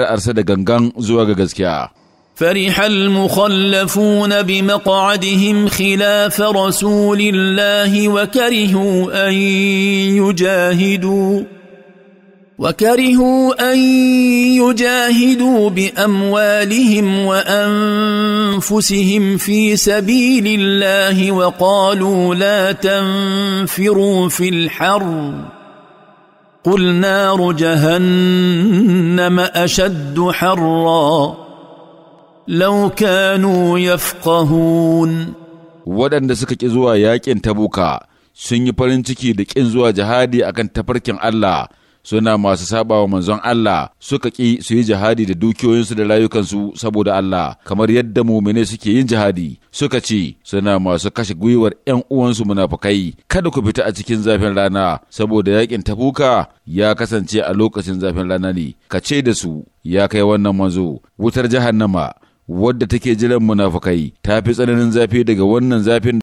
ra'arsa da gangan zuwa فرح المخلفون بمقعدهم خلاف رسول الله وكرهوا أن يجاهدوا وكرهوا أن يجاهدوا بأموالهم وأنفسهم في سبيل الله وقالوا لا تنفروا في الحرب قل نار جهنم اشد حرا لو كانوا يفقهون waɗanda suka ƙi zuwa yaƙin tabuka sun yi farin ciki da ƙin zuwa jihadi akan tafarkin Allah suna masu saba wa manzon Allah suka ki su yi jihadi da dukiyoyinsu da rayukansu saboda Allah kamar yadda mumine suke yin jihadi suka ce suna masu kashe gwiwar ‘yan uwansu munafukai kada ku fita a cikin zafin rana saboda yakin tabuka ya kasance a lokacin zafin rana ne ka ce da su ya kai wannan manzo wutar jahannama wadda take jiran munafukai ta fi tsananin zafi daga wannan zafin